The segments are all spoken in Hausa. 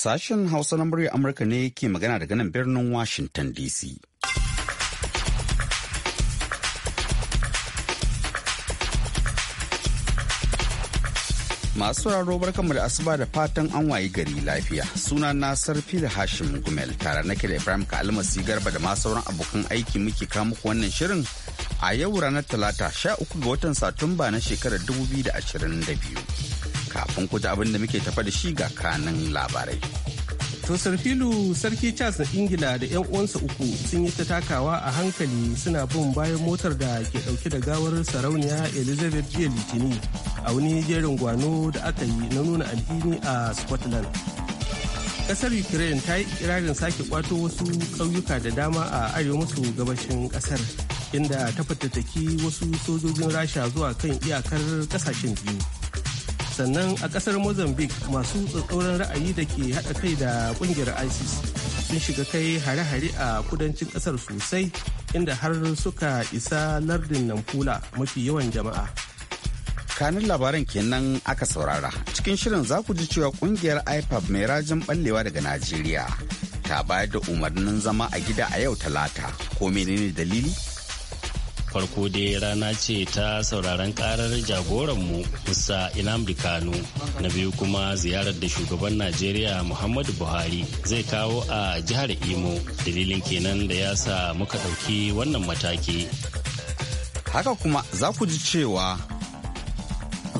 Sashen Hausa na murya Amurka ne ke magana daga nan birnin Washington DC. Masu raro barkanmu da asuba da fatan an wayi gari lafiya. Suna na sarfi da Hashim Gumel tare nake da Ibrahim Kalmasi Garba da masu sauran abokan aiki muke kawo muku wannan shirin a yau ranar Talata 13 ga watan Satumba na shekarar 2022. kafin ku ji abin da muke tafa da shi ga kanin labarai. To filu Sarki Charles na Ingila da 'yan uwansa uku sun yi ta takawa a hankali suna bin bayan motar da ke dauke da gawar sarauniya Elizabeth jiya Litini a wani jerin gwano da aka yi na nuna alhini a Scotland. Kasar Ukraine ta yi ikirarin sake kwato wasu ƙauyuka da dama a arewa maso gabashin kasar inda ta fatattaki wasu sojojin Rasha zuwa kan iyakar kasashen biyu. sannan a kasar mozambique masu tsatsauran ra'ayi da ke haɗa kai da ƙungiyar isis sun shiga kai hare-hare a kudancin ƙasar sosai inda har suka isa lardin nampula mafi yawan jama'a kanin labaran kenan aka saurara cikin shirin za ku ji cewa kungiyar ipab mai rajin ballewa daga najeriya ta bayar da umarnin zama a gida a yau talata ko menene dalili farko dai rana ce ta sauraron karar mu musa inamdi kanu na biyu kuma ziyarar da shugaban najeriya muhammadu buhari zai kawo a jihar imo dalilin kenan da ya sa muka ɗauki wannan mataki haka kuma za ku ji cewa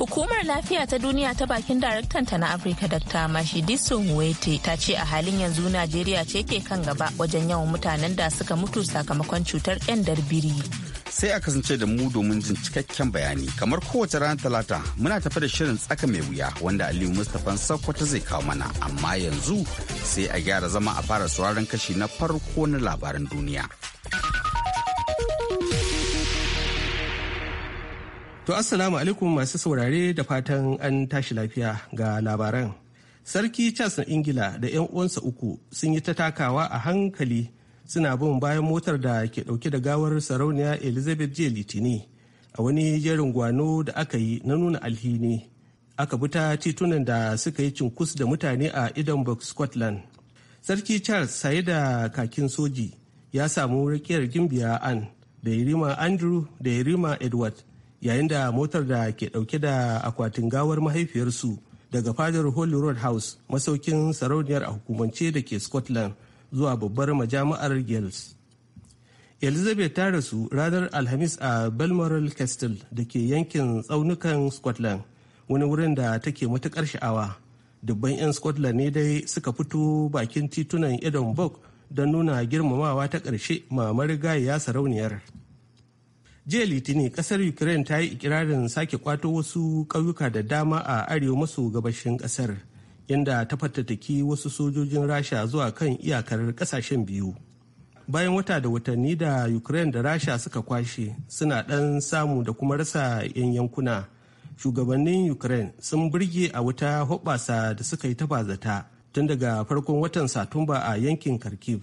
Hukumar lafiya ta duniya ta bakin ta na Afirka Dr. Mashidiso Nwete ta ce a halin yanzu Najeriya ce ke kan gaba wajen yawan mutanen da suka mutu sakamakon cutar 'yan darbiri. sai a kasance da mu domin jin cikakken bayani kamar kowace ranar talata muna tafi da shirin tsaka mai wuya wanda aliyu mustapha sakwata zai kawo mana amma yanzu sai a gyara zama a fara sauraron kashi na farko na labaran duniya to assalamu alaikum masu saurare da fatan an tashi lafiya ga labaran sarki charles na ingila da 'yan uwansa uku sun yi ta takawa a hankali suna bin bayan motar da ke dauke da gawar sarauniya elizabeth j litini a wani jerin gwano da aka yi na nuna alhini aka bi ta titunan da suka yi cinkus da mutane a edinburgh scotland sarki charles saye da kakin soji ya samu rakiyar gimbiya an da yarima andrew da yarima edward yayin da motar da ke dauke da akwatin gawar mahaifiyarsu daga fadar holy road house masaukin sarauniyar a hukumance da ke scotland zuwa babbar majami'ar gales Elizabeth ta rasu ranar Alhamis a Balmoral Castle da ke yankin tsaunukan Scotland wani wurin da take matuƙar sha'awa. Dubban 'yan Scotland ne dai suka fito bakin titunan Edinburgh don nuna girmamawa ta ƙarshe ma ya sarauniyar. jiya litinin ƙasar ukraine ta yi ikirarin sake kwato wasu ƙauyuka da dama a arewa maso gabashin ƙasar. inda ta fatattaki wasu sojojin rasha zuwa kan iyakar kasashen biyu bayan wata da watanni da ukraine da rasha suka kwashe suna ɗan samu da kuma rasa 'yan yankuna shugabannin ukraine sun burge a wuta hoɓasa da suka yi tafazata tun daga farkon watan satumba a yankin kharkiv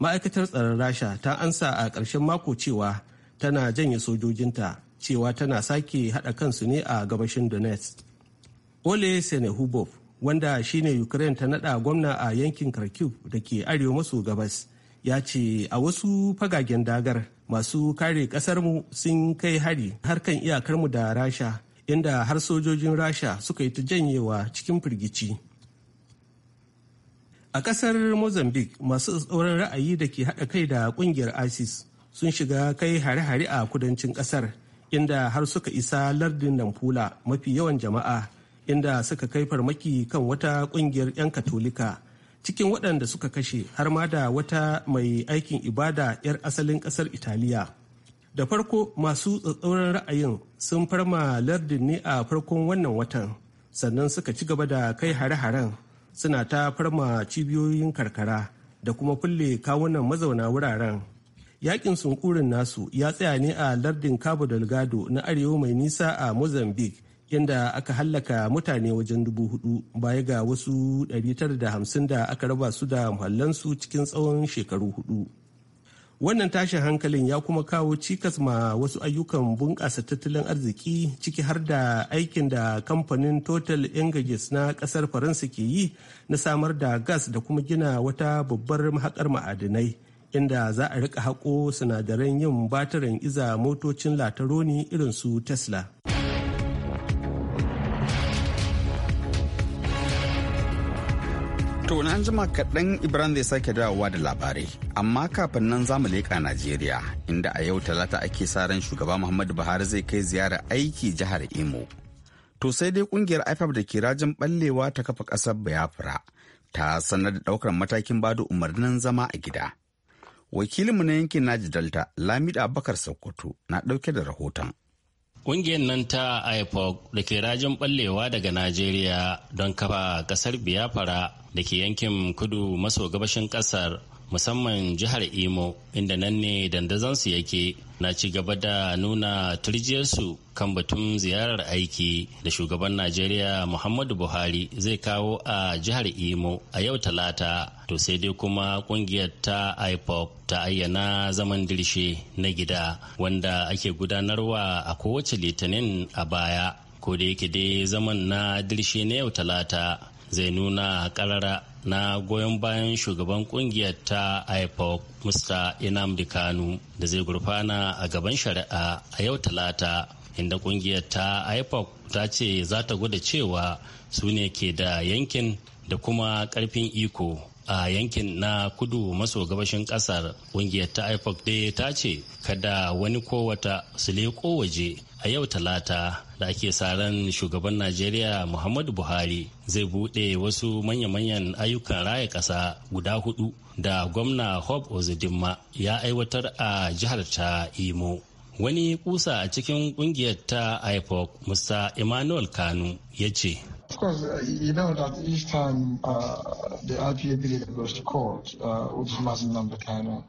ma'aikatar tsaron rasha ta ansa a ƙarshen mako cewa tana janye sojojinta cewa tana sake haɗa kansu ne a gabashin donetsk ole senehubov wanda shine ukraine ta nada gwamna a yankin kharkiv da ke arewa maso gabas ya ce a wasu fagagen dagar masu kare kasarmu sun kai hari har kan iyakarmu da rasha inda har sojojin rasha suka yi ta janyewa cikin firgici a kasar mozambique masu tsauran ra'ayi da ke haɗa kai da ƙungiyar isis sun shiga kai hare-hare a kudancin kasar inda har suka isa lardin nampula mafi yawan jama'a inda suka kai farmaki kan wata kungiyar 'yan katolika cikin waɗanda suka kashe har ma da wata mai aikin ibada 'yar asalin ƙasar italiya da farko masu tsatsauran ra'ayin sun farma lardin ne a farkon wannan watan sannan suka ci gaba da kai hare-haren suna ta farma cibiyoyin karkara da kuma kulle kawunan mazauna wuraren yakin sunkurin nasu ya tsaya ne a lardin cabo delgado na arewa mai nisa a mozambique inda aka hallaka mutane wajen dubu hudu baya ga wasu 950 da aka raba su da muhallansu cikin tsawon shekaru hudu. Wannan tashin hankalin ya kuma kawo cikas ma wasu ayyukan bunƙasa tattalin arziki ciki har da aikin da kamfanin Total engages na ƙasar Faransa ke yi na samar da gas da kuma gina wata babbar mahaƙar ma'adinai. inda za a rika haƙo sinadaran yin batiran iza motocin lataroni irin su tesla To na jima kaɗan Ibrahim zai sake dawowa da labarai, amma kafin nan zamu leƙa Najeriya, inda a yau talata ake sa ran shugaba Muhammadu Buhari zai kai ziyarar aiki jihar Imo. To sai dai kungiyar IFAB da ke rajin ɓallewa ta kafa ƙasar Biafra ta sanar da ɗaukar matakin bada umarnin zama a gida. Wakilinmu na yankin Naji Delta, Lamida Abubakar Sokoto, na ɗauke da rahoton. Ƙungiyar nan ta IPOC da ke rajin ɓallewa daga Najeriya don kafa ƙasar Biafra da ke yankin kudu maso gabashin ƙasar musamman jihar imo inda nan ne dandazonsu yake na ci gaba da nuna turjiyarsu kan batun ziyarar aiki da shugaban najeriya muhammadu buhari zai kawo a jihar imo a yau talata to sai dai kuma kungiyar ta ipop ta ayyana zaman dirshe na gida wanda ake gudanarwa a kowace litinin a baya ko da yake dai zaman na dirshe na yau talata zai nuna karara na goyon bayan shugaban kungiyar ta ipoc mr inamdi kanu da zai gurfana a gaban shari'a a yau talata inda kungiyar ta ipoc ta ce za ta gwada cewa su ne ke da yankin da kuma karfin iko a yankin na kudu maso gabashin kasar kungiyar ta ipoc dai ta ce kada wani kowata su leko waje a yau talata da ake sa ran shugaban najeriya muhammadu buhari zai bude wasu manya-manyan ayyukan raya kasa guda hudu da gwamna Hope Ozidimma ya aiwatar a jihar ta imo wani kusa a cikin kungiyar ta ipoc Mr emmanuel kanu ya ce Of course, uh, you know that each time uh, the IPA bill goes to court, uh, Udumasin Kano,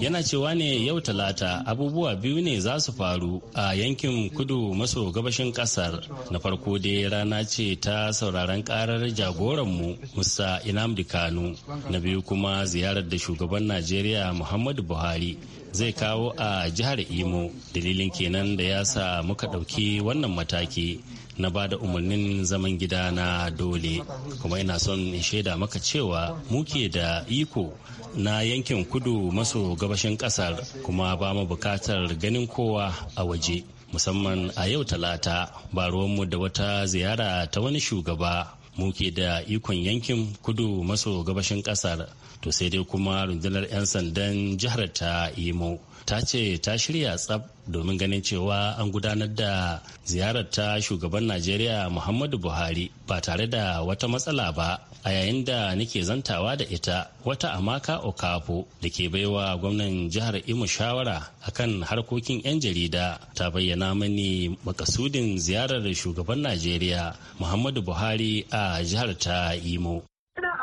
Yana cewa ne yau talata abubuwa biyu ne za su faru a yankin kudu maso gabashin kasar. Na farko dai rana ce ta sauraron karar jagoranmu Musa Inamdi Kanu. Na biyu kuma ziyarar da shugaban Najeriya Muhammadu Buhari zai kawo a jihar Imo. Dalilin kenan da ya sa muka ɗauki wannan mataki. na ba da umarnin zaman gida na dole kuma ina son in shaida maka cewa muke da iko na yankin kudu maso gabashin kasar kuma ba mu bukatar ganin kowa a waje musamman a yau talata ba ruwanmu da wata ziyara ta wani shugaba muke da ikon yankin kudu maso gabashin kasar to sai dai kuma rundunar 'yan sandan jihar ta imo ta ce ta shirya tsab domin ganin cewa an gudanar da ziyarar ta shugaban najeriya muhammadu buhari ba tare da wata matsala ba a yayin da nake zantawa da ita wata amaka okafo da ke baiwa gwamnan jihar imo shawara akan harkokin 'yan jarida ta bayyana mani makasudin ziyarar shugaban najeriya muhammadu buhari a jihar ta imo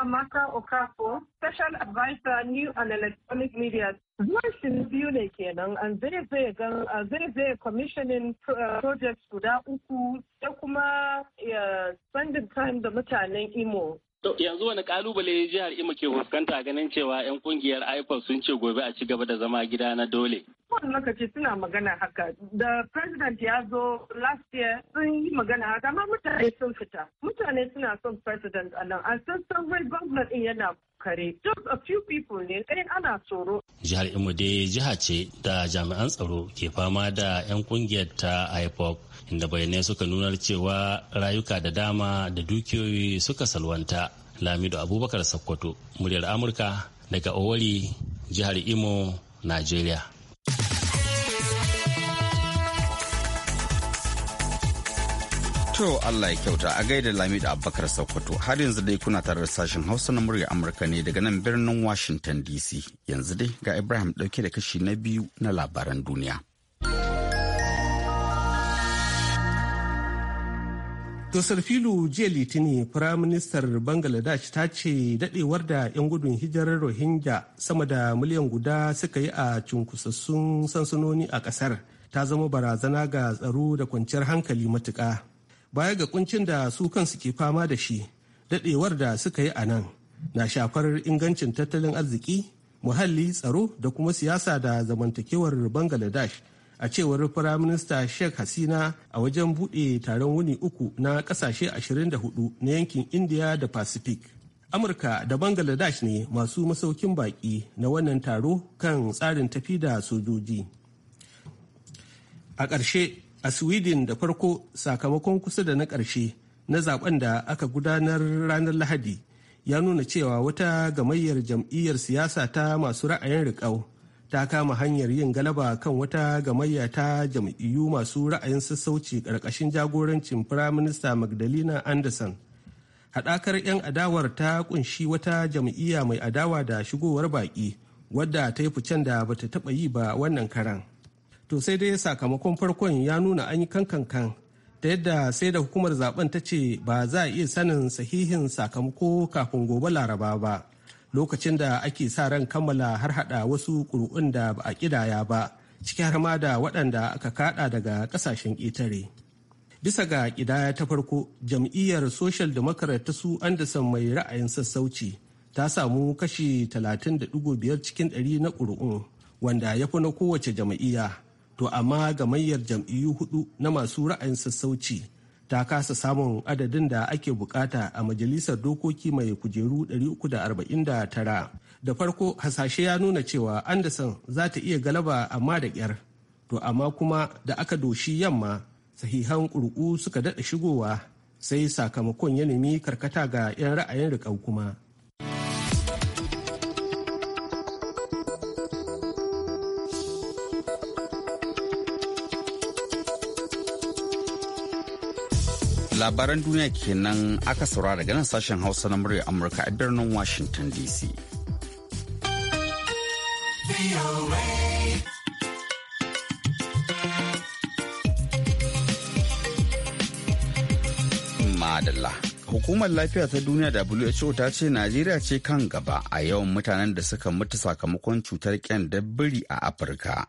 Amaka Okafo, Special Advisor New and Electronic Media. Zuwan shi biyu ne kenan an uh, zai commissioning uh, projects guda uku da kuma spending time da mutanen Imo yanzu wani kalubale jihar Imo ke fuskanta ganin cewa 'yan kungiyar IPOD sun ce gobe a ci gaba da zama gida na dole. Kowane lokaci suna magana haka. Da president ya zo last year sun yi magana haka amma mutane sun fita. Mutane suna son president a nan. An san san wai gwamnati ɗin yana kare. Just a few people ne kai ana tsoro. Jihar Imo dai jiha ce da jami'an tsaro ke fama da 'yan kungiyar ta IPOD. inda bayanai suka nuna cewa rayuka da dama da dukiyoyi suka salwanta lamido abubakar sakkwato muryar amurka daga owari jihar imo nigeria To Allah ya kyauta a gaida Lamidu Abubakar Sokoto har yanzu dai kuna tare da sashen Hausa na murya Amurka ne daga nan birnin Washington DC yanzu dai ga Ibrahim dauke da kashi na biyu na labaran duniya. To Sarfilu jiya Litini Firaministar Bangladesh ta ce dadewar da 'yan gudun hijirar Rohingya sama da miliyan guda suka yi a cunkusassun sansanoni a ƙasar ta zama barazana ga tsaro da kwanciyar hankali matuƙa. Baya ga kuncin da su kansu ke fama da shi, dadewar da suka yi a nan na shafar ingancin tattalin arziki, muhalli, tsaro da kuma siyasa da zamantakewar Bangladesh a cewar firaminista sheikh hasina a wajen buɗe taron wuni uku na ƙasashe 24 na yankin indiya da pacific amurka da bangladesh ne masu masaukin baƙi na wannan taro kan tsarin tafi da sojoji a ƙarshe a sweden da farko sakamakon kusa da na ƙarshe na zaben da aka gudanar ranar lahadi ya nuna cewa wata gamayyar jam'iyyar siyasa ta masu ra'ayin riƙau ta kama hanyar yin galaba kan wata gamayya ta jam'iyyu masu ra'ayin sassauci ƙarƙashin jagorancin firaminista magdalena anderson haɗakar 'yan adawar ta ƙunshi wata jam'iyya mai adawa da shigowar baƙi wadda ta yi ficen da bata taɓa yi ba wannan karan to sai dai sakamakon farkon ya nuna an yi kankan ta yadda sai da hukumar zaben ta ce ba za a iya sanin sahihin sakamako kafin gobe laraba ba lokacin da ake sa ran kammala har hada wasu ƙuri'un da ba a ƙidaya ba ciki har ma da waɗanda aka kaɗa daga ƙasashen ƙetare. Bisa ga ƙidaya ta farko, jam'iyyar Social Democrat ta su Anderson mai ra'ayin sassauci ta samu kashi 30.5 cikin 100 na ƙuri'un wanda ya fi na kowace jam'iyya. To amma ga gamayyar jam'iyyu hudu na masu ra'ayin sassauci ta kasa samun adadin da ake bukata a majalisar dokoki mai kujeru 349 da farko hasashe ya nuna cewa anderson za ta iya galaba amma da kyar to amma kuma da aka doshi yamma sahihan ƙurƙu suka daɗa shigowa sai sakamakon ya nemi karkata ga 'yan ra'ayin rikau kuma labaran duniya kenan aka saurara daga nan sashen hausa na murya amurka a birnin washington dc madalla hukumar lafiya ta duniya who ta ce najeriya ce kan gaba a yawan mutanen da suka mutu sakamakon cutar kyan dabbiri a afirka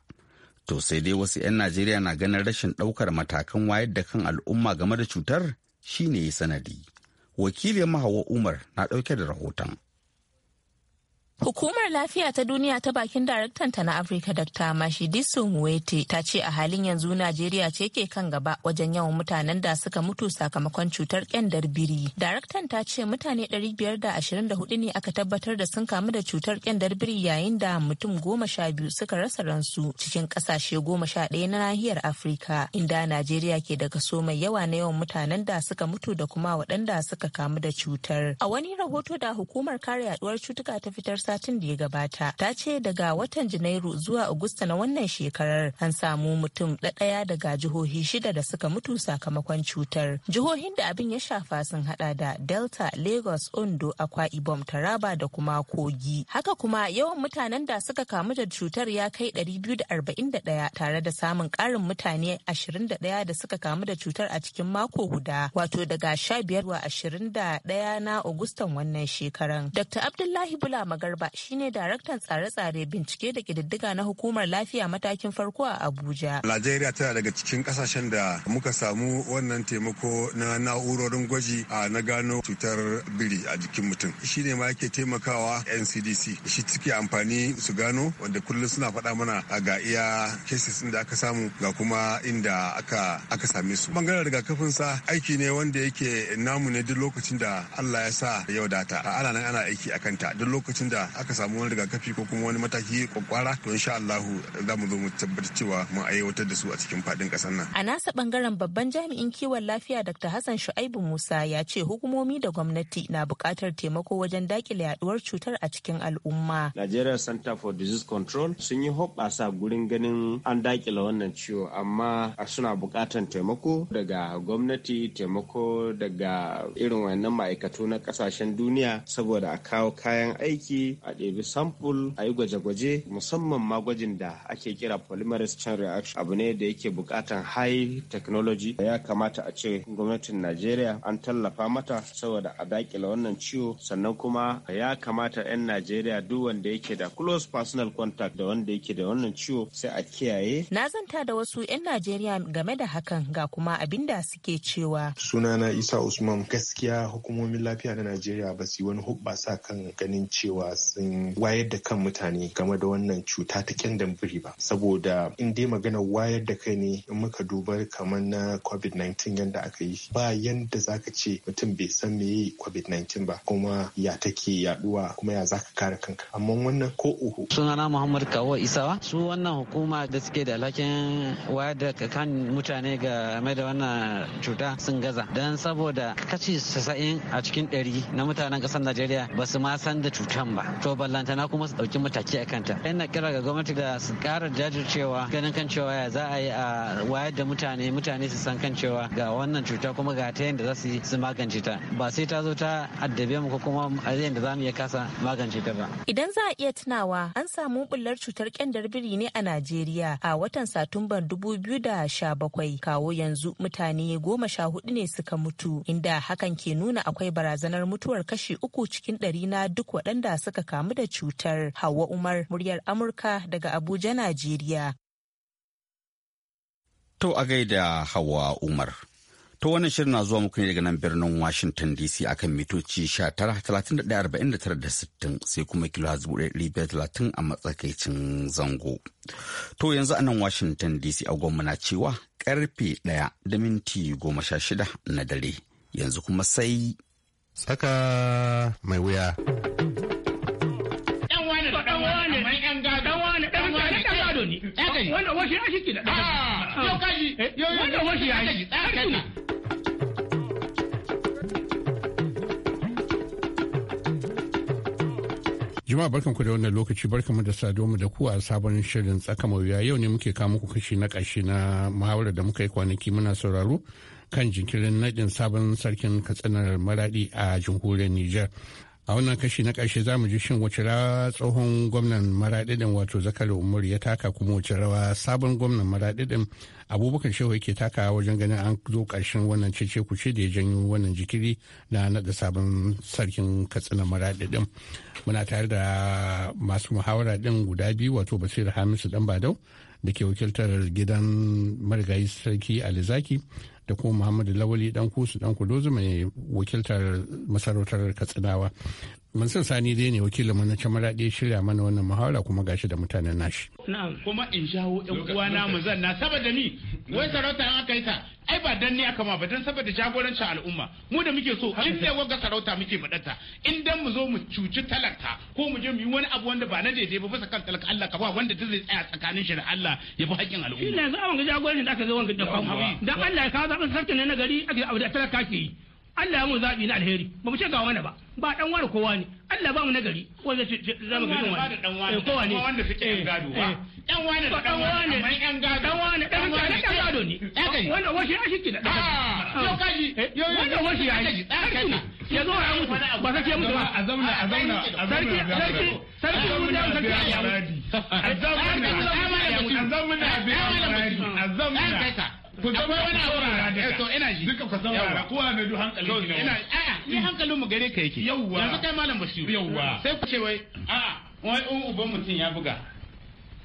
to sai dai wasu 'yan najeriya na ganin rashin ɗaukar matakan wayar da kan al'umma game da cutar shine ya sanadi wakilin mahawa umar na ɗauke da rahoton Hukumar Lafiya ta Duniya ta bakin daraktanta na Afirka Dr. Mashidisu Muwete ta ce a halin yanzu Najeriya ce ke kan gaba wajen yawan mutanen da suka mutu sakamakon cutar kyandar biri. Daraktan ta ce mutane 524 ne aka tabbatar da sun kamu da cutar kyandar biri yayin da mutum goma sha biyu suka rasa ransu cikin kasashe goma sha ɗaya na nahiyar Afirka inda Najeriya ke daga so mai yawa na yawan mutanen da suka mutu da kuma waɗanda suka kamu da cutar. A wani rahoto da hukumar kare yaduwar cutuka ta fitar satin da ya gabata ta ce daga watan Janairu zuwa Agusta na wannan shekarar an samu mutum ɗaya daga jihohi shida da suka mutu sakamakon cutar. Jihohin da abin ya shafa sun hada da Delta, Lagos, Ondo, Akwa Ibom, Taraba da kuma Kogi. Haka kuma yawan mutanen da suka kamu da cutar ya kai 241 tare da samun ƙarin mutane 21 da suka kamu da cutar a cikin mako guda wato daga 15 zuwa 21 na Agustan wannan shekaran. Dr. Abdullahi Bula Magar Garba shine daraktan tsare-tsare bincike da kididdiga na hukumar lafiya matakin farko a Abuja. Najeriya tana daga cikin kasashen da muka samu wannan taimako na na'urorin gwaji a na gano cutar biri a jikin mutum. Shi ne ma yake taimakawa NCDC. Shi suke amfani su gano wanda kullum suna faɗa mana ga iya cases inda aka samu ga kuma inda aka aka same su. Bangaren rigakafin sa aiki ne wanda yake namu ne duk lokacin da Allah ya sa yau data. Ana nan ana aiki a kanta duk lokacin da aka samu wani rigakafi ko kuma wani mataki kwakwara to insha Allahu za mu zo mu tabbatar cewa mun aiwatar da su a cikin fadin kasar nan. A nasa bangaren babban jami'in kiwon lafiya Dr. Hassan Shu'aibu Musa ya ce hukumomi da gwamnati na buƙatar taimako wajen dakile yaduwar cutar a cikin al'umma. Nigeria Center for Disease Control sun yi hoɓɓasa gurin ganin an dakile wannan ciwo amma suna buƙatar taimako daga gwamnati taimako daga irin wannan ma'aikatu na ƙasashen duniya saboda a kawo kayan aiki a ɗebi sample a yi gwaje-gwaje musamman ma gwajin da ake kira polymerase chain reaction abu ne da yake bukatan high technology ya kamata a ce gwamnatin najeriya an tallafa mata saboda a dakila wannan ciwo sannan kuma ya kamata 'yan najeriya duk wanda yake da close personal contact da wanda yake da wannan ciwo sai a kiyaye na zanta da wasu 'yan najeriya game da hakan ga kuma abinda suke cewa sunana isa usman gaskiya hukumomin lafiya na najeriya ba su yi wani hubbasa kan ganin cewa sun wayar da kan mutane game da wannan cuta ta kyandan biri ba saboda in dai magana wayar da kai ne in muka duba kamar na covid-19 yadda aka yi ba yadda ka ce mutum bai san yi covid-19 ba kuma ya take yaduwa kuma ya za ka kare kanka amma wannan ko uhu sunana muhammad kawo isawa su wannan hukuma da suke da alhakin wayar da kan mutane game da wannan cuta sun gaza don saboda kashi 90 a cikin 100 na mutanen kasar najeriya ba su ma san da cutan ba to ballanta na kuma su ɗauki mataki a kanta ina kira ga gwamnati da su ƙara jajircewa ganin kan cewa ya za a yi a wayar da mutane mutane su san kan cewa ga wannan cuta kuma ga ta yadda za su yi su magance ta ba sai ta zo ta addabe mu ko kuma a yadda za mu iya kasa magance ta ba. Idan za a iya tunawa an samu bullar cutar kyandar biri ne a Najeriya a watan Satumban 2017 kawo yanzu mutane goma sha hudu ne suka mutu inda hakan ke nuna akwai barazanar mutuwar kashi uku cikin ɗari na duk waɗanda suka kamu da cutar. Hauwa Umar, muryar Amurka daga Abuja, Najeriya. To a gaida Hauwa Umar. To wannan shirin na zuwa muku ne daga nan birnin Washington DC akan mitoci 19,31,49,60 sai kuma kilo talatin a matsakaicin zango. To yanzu a nan Washington DC a na cewa karfe ɗaya da minti goma sha shida na dare. Yanzu kuma sai. Saka mai wuya. tsagari barkan washi shiki da ah, yau kaji eh, wannan washi shiki ku da wannan lokaci barkanmu da saduwa da ku a sabon shirin tsaka mawuya yau ne muke kawo muku kashi na kashi na muhawarar da muka yi kwanaki muna sauraro kan jinkirin naɗin sabon sarkin katsinar maraɗi a jamhuriyar Nijar. a wannan kashi na ƙarshe za mu ji shin wace rawa tsohon gwamnan maraɗiɗin wato zakari umar ya taka kuma wace rawa sabon gwamnan maraɗiɗin abubakar shehu yake taka wajen ganin an zo ƙarshen wannan cece kuce da ya janyo wannan jikiri na naɗa sabon sarkin katsina maraɗiɗin muna tare da masu muhawara ɗin guda biyu wato basir hamisu dan badau da ke wakiltar gidan marigayi sarki alizaki da kuma muhammadu lawali dan kusu dan kudozu mai wakiltar masarautar katsinawa san Sani dai ne wakilin na Camaraɗe shirya mana wannan muhawara kuma gashi da mutanen nashi. Na'am. Kuma in jawo ƴan uwana mu zanna saboda ni wai sarauta an aka yi ta ai ba dan ni aka ma ba dan saboda jagorancin al'umma mu da muke so in ne wanga sarauta muke faɗarta in dan mu zo mu cuci talaka ko mu je mu yi wani abu wanda ba na daidai ba bisa kan talaka Allah ka ba wanda ta zai tsaya tsakanin shi da Allah ya bi haƙƙin al'umma. Shi ne za a wanga jagorancin da aka zo wanga da kwan Dan Allah ya kawo zaɓen sarki ne na gari ake abu da talaka ke yi. Allah ya mu zabi na alheri ba mu ce ga wani ba ba dan wani kowa ne Allah ba mu nagari ko zai ce za mu gidan wani dan wani eh, kowa ne wanda suke yan eh, gado ba dan eh. wani da dan wani amma yan gado dan wani dan wani dan gado ne wanda washi a shi kida ah, yo kaji yo yo wanda washi a shi ya zo ya mutu ba sai ya mutu ba a zauna a ah, zauna a zauna sarki sarki mun da sarki ya mutu a zauna a zauna ah, a zauna a zauna ku zama wani abu rara da eh, to ina ji duka ku zama rara kowa mai du hankalin ki ina a'a ni hankalin mu gare ka yake yawwa yanzu kai malam basiru yawwa sai ku ce wai a'a wai uban mutum ya buga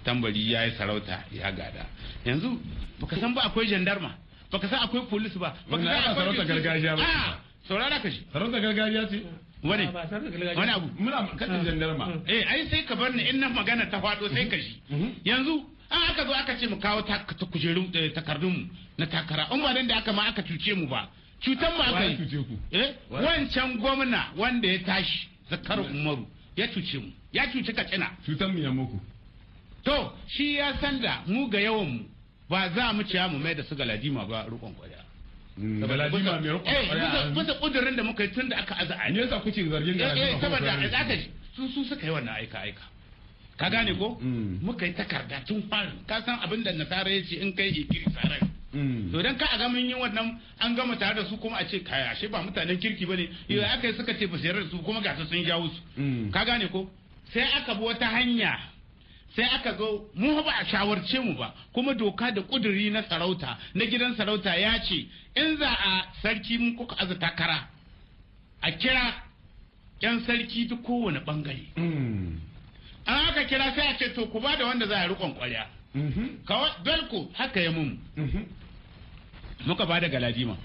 tambari ya yi sarauta ya gada yanzu baka san ba akwai gendarma baka san akwai police ba baka san akwai sarauta gargajiya ba saurara ka shi sarauta gargajiya ce wani wani abu muna katin jandarma ah. eh ai sai ka bar ni in na magana ta faɗo sai ka shi mm-hmm. yanzu an aka zo aka ce mu kawo kujerun eh, takardun na takara an ba da aka ma aka cuce mu ba cutan mu aka yi eh? wancan gwamna wanda ya tashi zakar umaru ya cuce mu ya cuce katsina cutan mu ya muku to shi ya san da mu ga yawan mu ba za mu ciya mu mai da su galadima ba rukon kwaya mm, galadima mai rukon eh, kwaya bisa kudurin da muka yi tun da aka aza a ne yasa kuke zargin galadima ko saboda su suka yi wannan aika aika ka gane ko mm. muka yi takarda tun fara. ka san abin da nasara ya ce in kai ikiri tsarar mm. to dan ka a ga mun yi wannan an gama tare da su kuma a ce kai ashe ba mutanen kirki bane mm. yau aka yi suka ce ba su kuma ga su sun jawo su ka gane ko sai aka bi wata hanya sai aka zo mu ba a shawarce mu ba kuma doka da kuduri na sarauta na gidan sarauta ya ce in za a sarki mun kuka aza takara a kira yan sarki duk kowane bangare an aka kira sai a ce to ku ba da wanda za a rikon kwarya mhm. kawai belko haka ya mun mhm. muka ba da galadima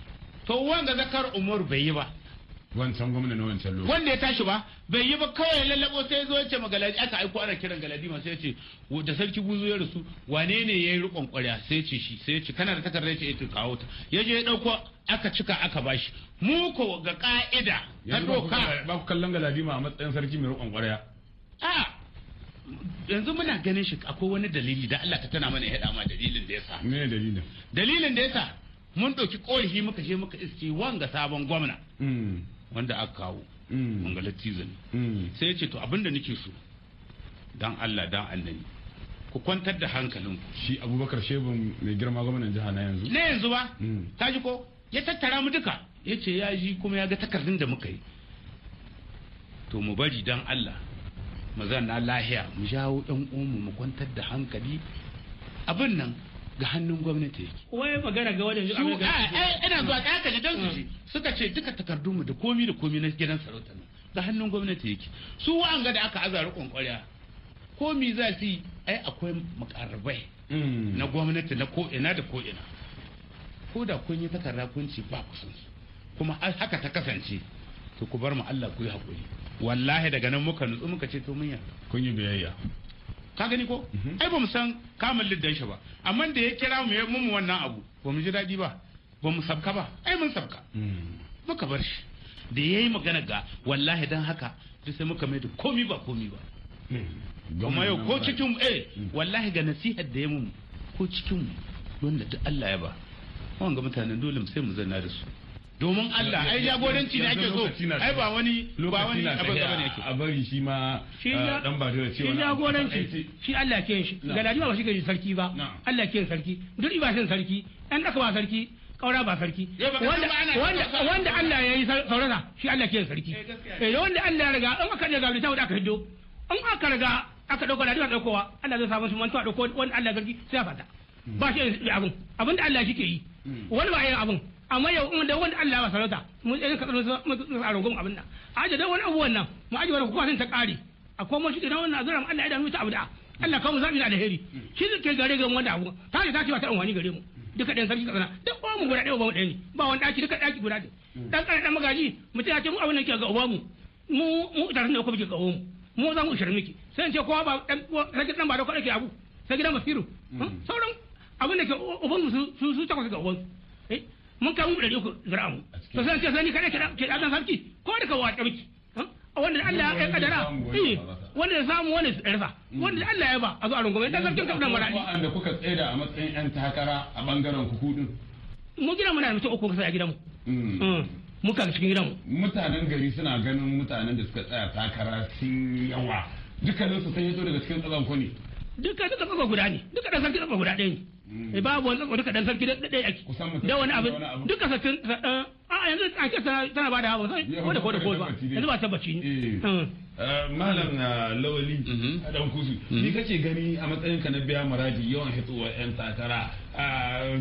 to wanga zakar umar bai yi ba wancan gwamna na wancan lokaci wanda ya tashi ba bai yi ba kawai lallabo sai zo ce ma galadima aka aiko ana kiran galadima ma sai ce da sarki guzu ya rasu wane ne yi rikon kwarya sai ce shi sai ce kana da takarda ya ce ita eh, kawo ta yaje ya dauko aka cika aka bashi mu ko ga ka'ida ta doka ba ku kallon galadima ma a matsayin sarki mai rikon kwarya a yanzu muna ganin shi akwai wani dalili da Allah ta tana mana ya ma dalilin da ya sa. Me dalilin? Dalilin da ya sa mun ɗauki ƙorafi muka je muka iske wanga sabon gwamna. Mm. Wanda aka kawo. Mangala mm. season. Mm. Sai ya ce to abinda nake so. Dan Allah dan annabi. Ku kwantar da hankalinku. Shi Abubakar Shehu mai girma gwamnan jiha na yanzu. Na yanzu ba. ta ji ko? Ya tattara mu duka. Ya ce ya ji kuma ya ga takardun da muka yi. To mu bari dan Allah. mu zanna lahiya mu jawo yan uwanmu mu kwantar da hankali abin nan ga hannun gwamnati yake. Wai magana ga wajen jiya. Eh, eh, ina zuwa ta haka don su mm. suka ce duka takardunmu da komi da komi na gidan sarauta na ga hannun gwamnati yake. Su wa'an ga da aka aza rikon kwarya komi za su yi ai akwai mukarrabai mm. na gwamnati na ko'ina da ko'ina. Ko da kun yi takarda kun ci ba ku kuma haka ta kasance to ku bar mu Allah ku yi haƙuri. wallahi daga nan muka nutsu muka ce to mun yarda kun yi biyayya ka gani ko mhm. ai ba mu san kamun liddan shi ba amma da ya kira mu mu wannan abu ba mu ji daɗi ba ba mu sabka ba ai mun sabka mm. muka bar shi da yayi magana ga wallahi dan haka sai muka mai da komi ba komi ba mm. amma yau ko cikin eh mm. wallahi ga nasihar da ya mu ko cikin wanda duk Allah ya ba wanga mutanen dole sai mu zanna da su domin Allah ai jagoranci ne ake so ai ba wani ba wani abin gaba ne ake a bari shi ma eh, dan ba da cewa shi jagoranci shi Allah ke shi galadi ba shi ke sarki ba Allah ke sarki duri ba shi sarki dan daka ba sarki kaura ba sarki wanda wanda Allah ya yi shi Allah ke sarki eh, eh wanda Allah ya riga an aka da ta wanda aka hiddo An aka riga aka dauka da duka daukowa Allah zai samu su mantuwa dauko wanda Allah sarki sai ya fata ba shi abin abin da Allah shi ke yi hmm. wani ba yin abin amma yau in da wani Allah ya sarauta mun tsaye ka tsaro mun a rogon abin nan a aje da wani abubuwan nan mu aje wani kuma ta kare akwai mun shi da wannan azuran Allah ya damu ta abu da Allah kawo mu zabi da alheri shi ke gare ga wanda abu ta ne ta ce wata wani gare mu duka ɗan sarki kasana duk uwan mu guda ɗaya ba mu ɗaya ne ba wani ɗaki duka ɗaki guda ɗaya dan ƙarar ɗan magaji mutum ya ce mu abin nan ke ga ubamu mu mu mu tare da ko muke ga ubamu mu za mu ishirin miki sai in ce kowa ba ɗan sarki ɗan ba da kwaɗa ke abu sai gidan basiru mm. sauran abin da ke uban su su takwas ga uwan mun kai mu ɗari uku zira'amu to sai ce sai ni kada ke ɗazan sarki ko da ka waƙe miki wanda Allah ya kadara eh wanda samu wani rasa mm. wanda Allah ya ba a zo a rungume dan sarkin kabdan mara ne wanda kuka tsaida a matsayin yan takara a bangaren ku kudin mu gidan mu na mutum uku sai a gidan mu mm. mm. muka cikin gidan mu mutanen gari suna ganin mutanen da suka tsaya takara sun yawa Dukkaninsu su sun yato daga cikin tsazan ku ne duka duka tsazan guda ne duka da sarki tsazan guda ɗaya ne Eh, babu wani wani kadan sarki da dai ake da wani abu duka sakin eh, eh, a yanzu a ke tana ba da hawa sai ko da ko da ko ba yanzu ba tabbaci hmm. malam na lawali a dan kusu ni kake gani a matsayin ka na biya muradi yawan hitsuwa yan takara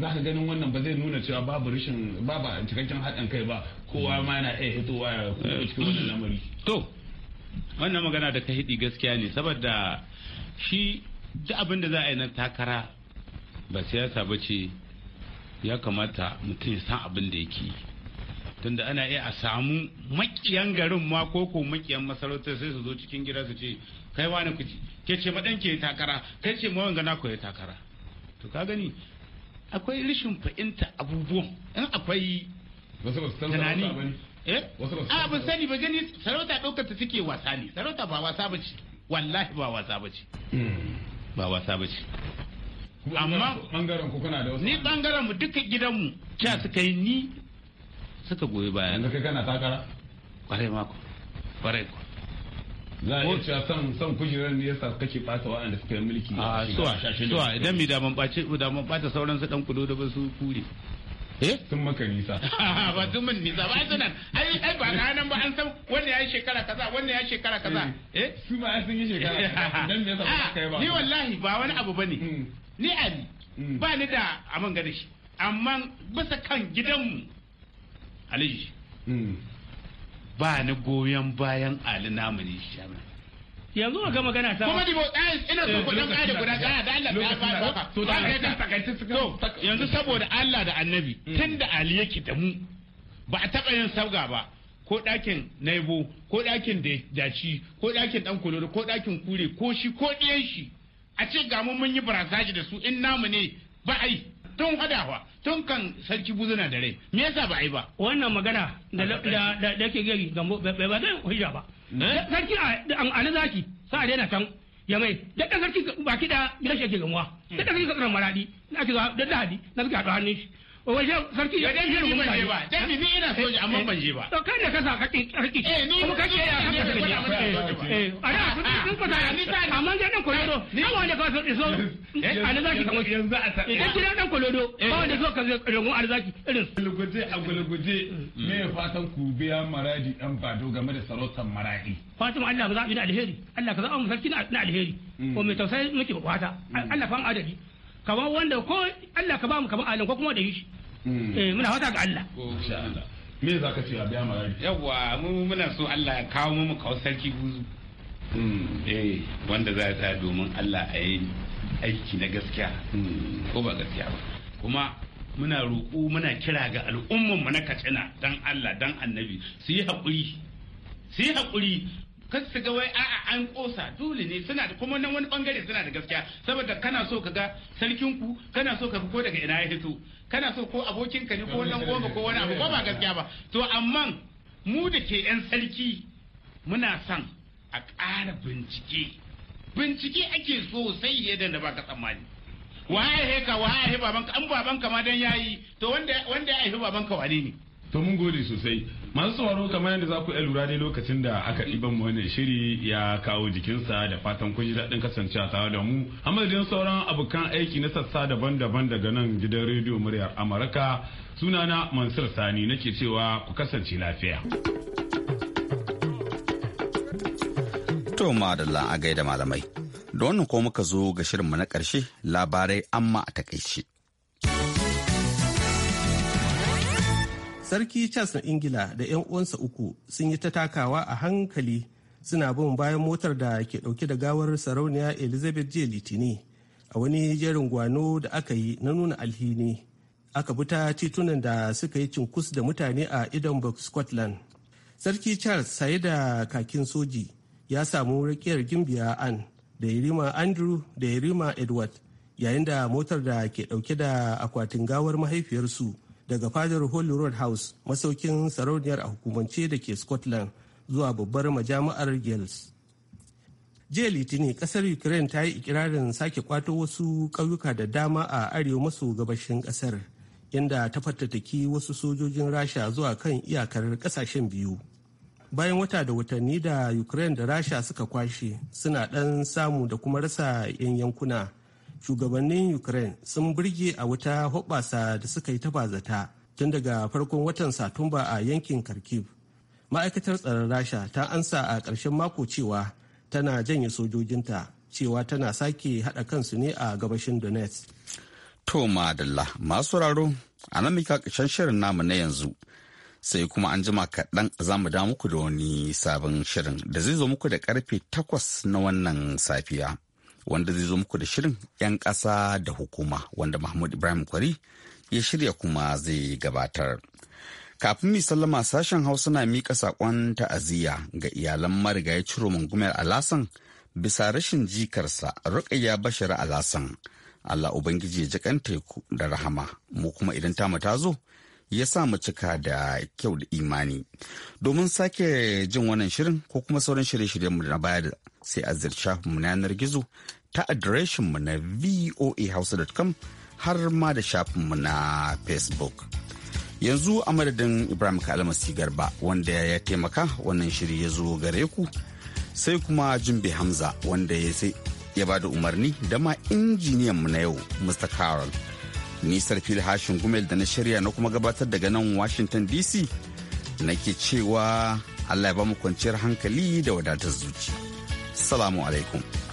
za ka ganin wannan ba zai nuna cewa babu rashin babu cikakken haɗin kai ba kowa ma yana iya hitsuwa ya cikin wannan lamari to wannan magana da ka hidi gaskiya ne saboda shi duk abin da za a yi na takara ba siyasa ba ce ya kamata mutum ya san abin da yake tunda ana iya a samu makiyan garin ma ko ko makiyan masarauta sai su zo cikin gida su ce kai wani kuci ke ce maɗan ke takara kai ce mawan gana ku ya takara to ka gani akwai rishin fahimta abubuwan in akwai tunani eh a ban sani ba gani sarauta ɗaukar ta suke wasa ne sarauta ba wasa ba ce wallahi ba wasa ba ce hmm. ba wasa ba ce amma bangaren ku kuna da wasu ni bangaren mu duka gidanmu cha hmm. suka yi ni suka goyi baya da kai kana takara kwarai mako kwarai ku za a cewa san san kujerar ne yasa kake bata waɗanda suka yi mulki a suwa suwa idan mi da man bata sauran su dan kudo da ba su kure eh sun maka nisa ba sun man nisa ba sunan ai ai ba ga nan ba an san wanda ya shekara kaza wanda ya shekara kaza eh, eh? su ma sun yi shekara dan me yasa kai ba ah, ni wallahi ba wani abu bane hmm. ni ali hmm. ba ni da aman gare shi amma bisa kan gidanmu aliji hmm. ba ni goyon bayan ali namu ne shi yanzu ga magana ta kuma dibo ɗayan ina so eh, kuɗin ƙari guda ɗaya da Allah ya ba da to ta kai ta takaici yanzu saboda Allah da Annabi hmm. tunda Ali yake da mu ba a taɓa yin sabga ba ko ɗakin naibo ko ɗakin daci ko ɗakin ɗan kololo ko ɗakin kure ko shi ko ɗiyan shi a ce ga mun yi barasaji da su in namu ne ba ai tun hadawa tun kan sarki buzuna da rai me yasa ba ai ba wannan magana da da da ke gari gambo bai ba zai hujja ba Eh? sarki a zaki sa a daina can ya mai da kasar baki da gidan shi ake gamuwa hmm. da kasar ki kasar maradi na ake zuwa da lahadi na suke haɗu hannun shi wajen sarki ya dan shirin ban je ba dan bibi ina soja amma ban je ba to kai da kasa ka sarki eh ni kuma kake ya kasa da ya eh a kudi ah, sun fada ah, ya nisa amma ga dan kolodo ni wanda ka so so eh, eh, alzaki kamar yanzu a sai idan eh, gidan dan kolodo ba wanda so ka rungu zaki. irin gulguje a gulguje mm. me fatan ku biya maradi dan fado game da sarautar maradi fatan Allah ba za mu da alheri Allah ka za mu sarki na alheri mm. ko mai tausayi muke fata mm. Allah fa adadi kamar wanda ko Allah ka ba mu kamar alin ko kuma da shi hmm. eh, muna fata ga Allah Allah me za ka ce a biya magani. yawa mu muna so Allah ya kawo mu kawo sarki buzu hmm. eh wanda za ta domin Allah a yi aiki na gaskiya hmm. ko ba gaskiya ba kuma muna roƙo muna kira ga al'umman mu na Katsina dan Allah dan Annabi su yi haƙuri su yi haƙuri kan su ga wai a'a an kosa dole ne suna da kuma nan wani bangare suna da gaskiya saboda kana so ka ga sarkin ku kana so ka ko daga ina ya fito kana so ko abokin ka ne ko nan goma ko wani abu ko ba gaskiya ba to amma mu da ke yan sarki muna son a ƙara bincike bincike ake so sosai yadda da baka tsammani waye he ka waye he babanka an babanka ma dan yayi to wanda wanda ya haifi babanka wane ne to mun gode sosai masu sauraro kamar yadda za ku iya lura dai lokacin da aka ɗiban mu wannan shiri ya kawo jikinsa da fatan kun ji daɗin kasancewa tare da mu a sauran abokan aiki na sassa daban-daban daga nan gidan rediyo muryar amurka sunana mansur sani nake cewa ku kasance lafiya. To madalla a gaida malamai. Da wannan ko muka zo ga shirinmu na ƙarshe labarai amma a takaice. Sarki Charles na Ingila da 'yan uwansa uku sun yi ta takawa a hankali suna bin bayan motar da ke dauke da gawar sarauniya Elizabeth J. Litini a wani jerin gwano da aka yi na nuna alhini. Aka bi ta titunan da suka yi cinkus da mutane a Edinburgh, Scotland. Sarki Charles saye da kakin soji ya samu rakiyar gimbiya an da yarima Andrew da yarima Edward yayin da motar da ke dauke da akwatin gawar mahaifiyarsu daga fadar holy road house masaukin sarauniyar a hukumance da ke scotland zuwa babbar majami'ar gales jiya litinin kasar ukraine ta yi ikirarin sake kwato wasu ƙauyuka da dama a arewa maso gabashin ƙasar, inda ta fatataki wasu sojojin rasha zuwa kan iyakar kasashen biyu bayan wata da watanni da ukraine da rasha suka kwashe suna ɗan samu da kuma rasa 'yan yankuna shugabannin ukraine sun burge a wuta hoɓasa da suka yi tafazata tun daga farkon watan satumba a yankin kharkiv ma'aikatar tsaron rasha ta ansa a ƙarshen mako cewa tana janye sojojinta cewa tana sake haɗa kansu ne a gabashin donetsk to madalla masu raro a nan muka ƙarshen shirin namu na yanzu sai kuma an jima kaɗan za mu da muku da wani sabon shirin da zai zo muku da karfe takwas na wannan safiya wanda zai zo muku da shirin 'yan ƙasa da hukuma wanda Mahmud Ibrahim Kwari ya shirya kuma zai gabatar. Kafin mi sallama sashen Hausa na mika saƙon ta'aziyya ga iyalan ya ciro mungumar Alasan bisa rashin jikarsa Rukayya Bashir Alasan. Allah Ubangiji ya jikan teku da rahama mu kuma idan tamu ta zo ya sa mu cika da kyau da imani. Domin sake jin wannan shirin ko kuma sauran shirye-shiryenmu na baya sai a mu na yanar gizo ta adireshinmu na voahouse.com har ma da shafinmu na facebook yanzu a madadin ibrahim kalmasi garba wanda ya taimaka wannan shiri ya zo gare ku sai kuma jimbe hamza wanda ya sai ya ba da umarni da ma mu na yau mr carol ni sarfil hashin gumel da na shirya na kuma gabatar daga nan washington dc nake cewa allah ya ba mu kwanciyar hankali da wadatar zuci. Salamu alaikum.